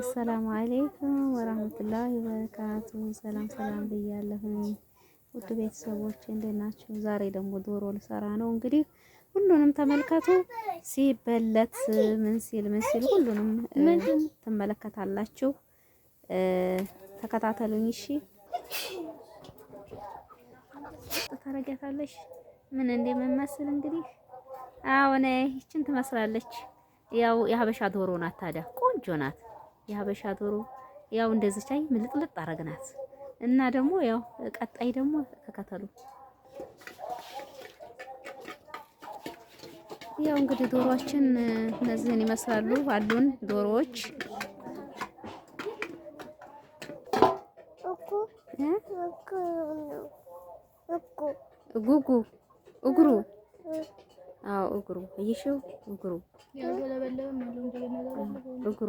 አሰላሙ አሌይኩም ወራህመቱላሂ ወበረካቱ። ሰላም ሰላም ብያለሁኝ ውድ ቤተሰቦች እንዴት ናችሁ? ዛሬ ደግሞ ዶሮ ልሰራ ነው። እንግዲህ ሁሉንም ተመልከቱ። ሲበለት ምን ሲል ምን ሲል ሁሉንም ትመለከታላችሁ። ተከታተሉኝ እሺ። ታረጋታለሽ ምን እንደምመስል እንግዲህ አሁን ይችን ትመስላለች። ያው የሀበሻ ዶሮ ናት ታዲያ ቆንጆ ናት። የሀበሻ ዶሮ ያው እንደዚች አይ ምልጥልጥ አረግናት እና ደግሞ ያው ቀጣይ ደግሞ ተከተሉ። ያው እንግዲህ ዶሮዎችን እነዚህን ይመስላሉ አሉን ዶሮዎች ጉጉ እግሩ አዎ እግሩ እይሽው እግሩ እግሩ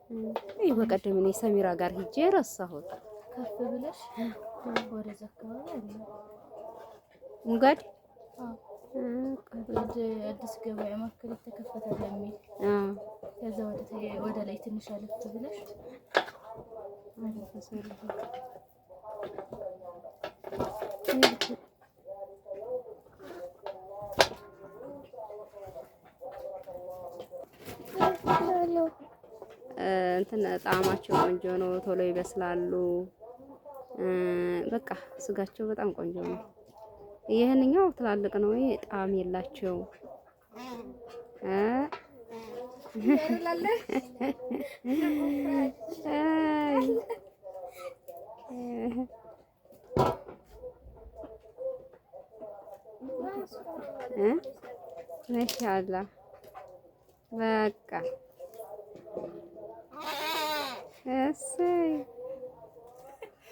ይህ በቀደም እኔ ሰሚራ ጋር ሂጄ ረሳሁት። ከፍ ብለሽ ወደዛ አካባቢ ሙጋድ አዲስ ገበያ ማከል የተከፈተ የሚል ከዛ ወደ ላይ ትንሽ አለፍ ብለሽ እንትን ጣዕማቸው ቆንጆ ነው፣ ቶሎ ይበስላሉ። በቃ ስጋቸው በጣም ቆንጆ ነው። ይህንኛው ትላልቅ ነው፣ ይሄ ጣዕም የላቸው ማሻአላህ በቃ እሰይ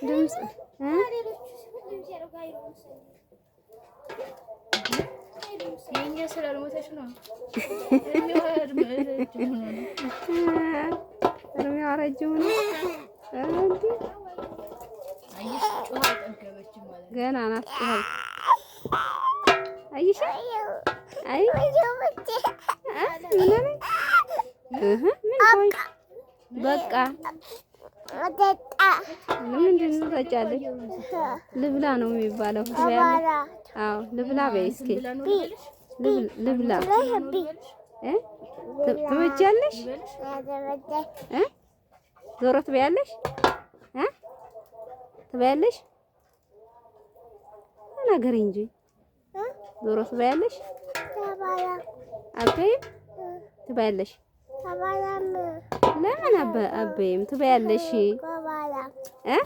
ድምፅ ነው። እድሜዋ ረጅም ነው። ገና ናት። አይሽ አይ ምን በቃ ምንድን ነው ጠጫለች? ልብላ ነው የሚባለው። አዎ ልብላ በይ እስኪ ልብላ ትበጃለሽ? ዞሮ ትበያለሽ? ትበያለሽ? ነገር እንጂ ዞሮ ትበያለሽ? አልበይም ትበያለሽ ለምን አበይም ትበያለሽ? እ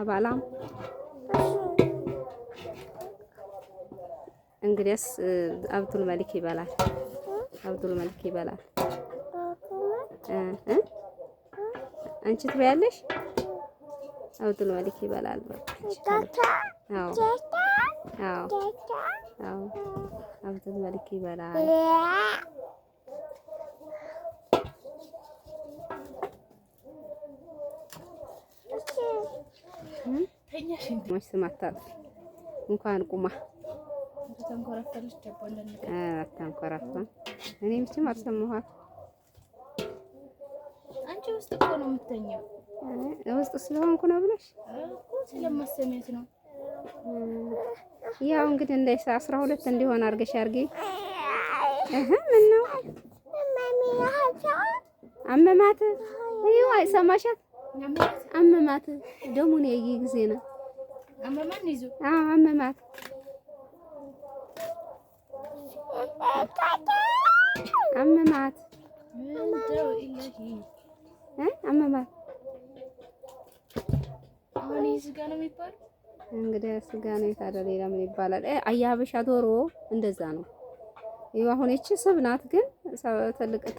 አባላም እንግዲያስ አብዱል መልክ ይበላል። አብዱል መልክ ይበላል። አንቺ ትበያለሽ? አብዱል መልክ ይበላል። አዎ አዎ አዎ አብዱል መልክ ይበላል። ትቀኛሽ እንዴ? እንኳን ቁማ አታንኮራፋም። እኔ ምችም አልሰማኋት። አንቺ ውስጥ እኮ ነው የምተኛው። ውስጥ ስለሆንኩ ነው ብለሽ ስለማሰሚያት ነው። ያው እንግዲህ እንዳይሳ አስራ ሁለት እንዲሆን አድርገሽ አድርጊ። ምን ነው አመማት? ይኸው አይሰማሻት። አመማት ደሙን ያየ ጊዜ ነው አመማት። አመማት አመማት። እንግዲህ ስጋ ነው የታደለ ሌላ ምን ይባላል? አያበሻ ዶሮ እንደዛ ነው። ይኸው አሁን ይቺ ስብ ናት፣ ግን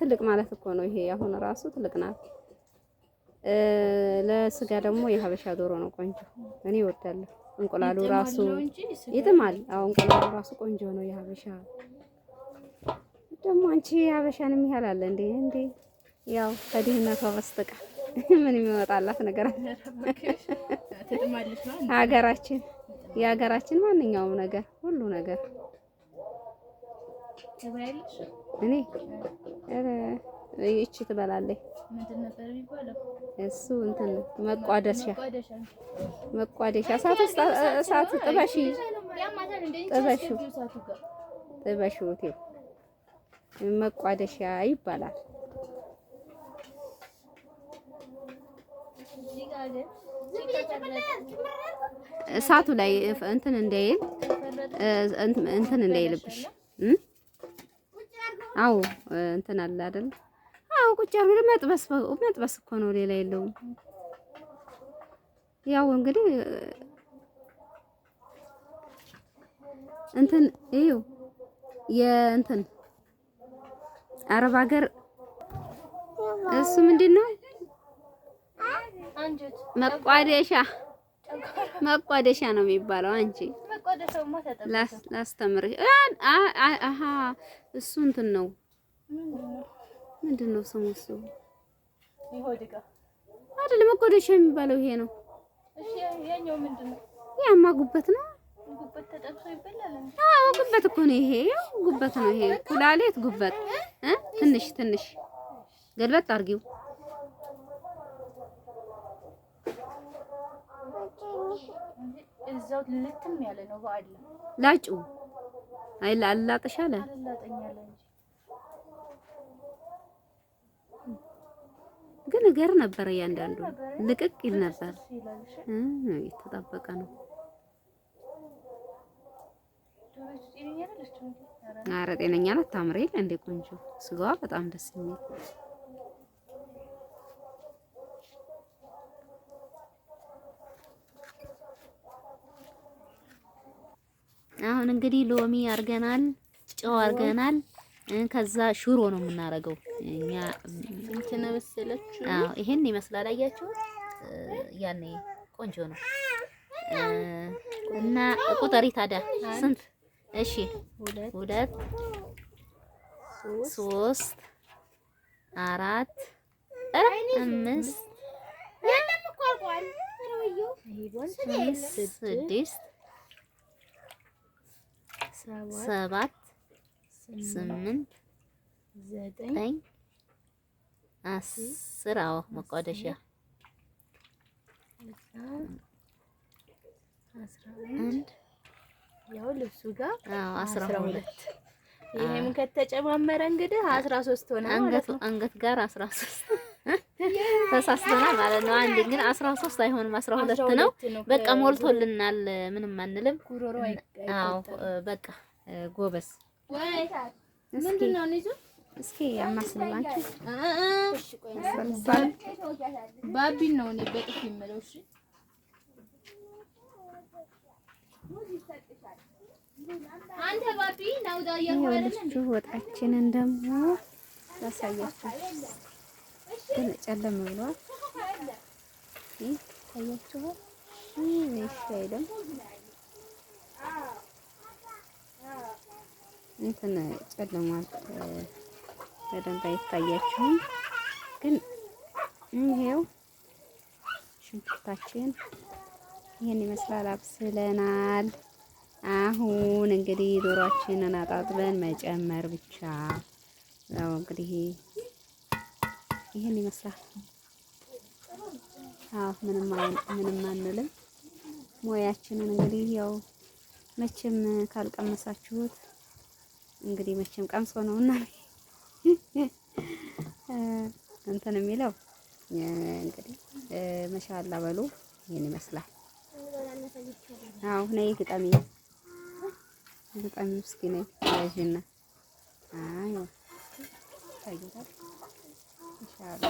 ትልቅ ማለት እኮ ነው። ይሄ አሁን ራሱ ትልቅ ናት። ለስጋ ደግሞ የሀበሻ ዶሮ ነው ቆንጆ። እኔ እወዳለሁ። እንቁላሉ ራሱ ይጥማል። አሁን እንቁላሉ ራሱ ቆንጆ ነው። የሀበሻ ደግሞ አንቺ የሀበሻን የሚያህል አለ እንዴ? እንዴ ያው ከድህነቷ በስተቀር ምን የሚመጣላት ነገር አለ? ሀገራችን የሀገራችን ማንኛውም ነገር ሁሉ ነገር እኔ እቺ ትበላለች። እሱ እንትን መቋደሻ መቋደሻ እሳት እሳት ጥበሺ ጥበሺ ጥበሽ መቋደሻ ይባላል። እሳቱ ላይ እንትን እንዳይል እንትን እንዳይልብሽ። አዎ እንትን አለ አይደል? ቁጭ ያሉ መጥበስ መጥበስ እኮ ነው፣ ሌላ የለውም። ያው እንግዲህ እንትን እዩ የእንትን አረብ ሀገር እሱ ምንድን ነው መቋደሻ መቋደሻ ነው የሚባለው። አንቺ ላስተምርሽ። አሃ እሱ እንትን ነው ምንድን ነው ስሙ? እሱ አይደለም መጎደሻ የሚባለው ይሄ ነው። ያማ ጉበት ነው። አዎ ጉበት እኮ ነው። ይሄ ያው ጉበት ነው። ይሄ ኩላሌት ጉበት እ ትንሽ ትንሽ ገልበጥ አድርጊው። እዛው ልትም ያለ ነው። በአላ ላጩ አይላ አላጥሻለ ግን እገር ነበር እያንዳንዱ ልቅቅ ይል ነበር። የተጠበቀ ነው። ኧረ ጤነኛ ናት። ታምሬ እንዴ ቆንጆ ስጋዋ በጣም ደስ የሚል አሁን እንግዲህ ሎሚ አድርገናል፣ ጨው አርገናል። ከዛ ሹሮ ነው የምናረገው እኛ እንትን መሰለች። አዎ ይሄን ይመስላል። አያችሁ፣ ያኔ ቆንጆ ነው። እና ቁጥሪ ታዲያ ስንት? እሺ ሁለት፣ ሶስት፣ አራት፣ አምስት፣ ስድስት፣ ሰባት ስምንት ዘጠኝ አስር አዎ መቋደሻ አንድ ያው ልብሱ ጋር አስራ ሁለት ይሄም ከተጨማመረ እንግዲህ አስራ ሆነ ማለት አንገት ጋር አስራ ሦስት ተሳስተናል ማለት ነው። አንድ ግን አስራ አይሆንም አስራ ሁለት ነው። በቃ ሞልቶልናል። ምንም አንልም። አዎ በቃ ጎበዝ እስኪ አማስልባችሁ ባቢን ነው እኔ በጥፍ የምለው። እሺ አንተ ወጣችንን ደግሞ ያሳያችሁ። ጨለም ብሏል። ታያችኋል። ይህ አይደለም እንትን ጨልሟል፣ በደንብ አይታያችሁም። ግን ይሄው ሽንኩርታችን ይሄን ይመስላል። አብስለናል። አሁን እንግዲህ ዶሯችንን አጣጥበን መጨመር ብቻ ነው። እንግዲህ ይሄን ይመስላል። አዎ ምንም ምንም አንልም። ሞያችንን እንግዲህ ያው መቼም ካልቀመሳችሁት እንግዲህ መቼም ቀምሶ ነውና እንትን የሚለው እንግዲህ መሻላ በሉ ይህን ይመስላል። አዎ ነይ ግጠሚ ግጠሚ እስኪ ነይ ያዥና አይ ታይታል። መሻላ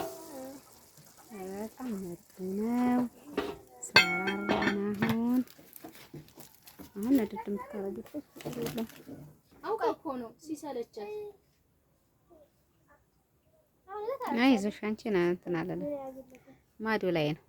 በጣም ምርጥ ነው። ሰራራና አሁን አሁን ነድድም ተረድቶ አውቃ እኮ ነው ሲሰለቻት። አይዞሽ አንቺን እንትን አለለ ማዶ ላይ ነው።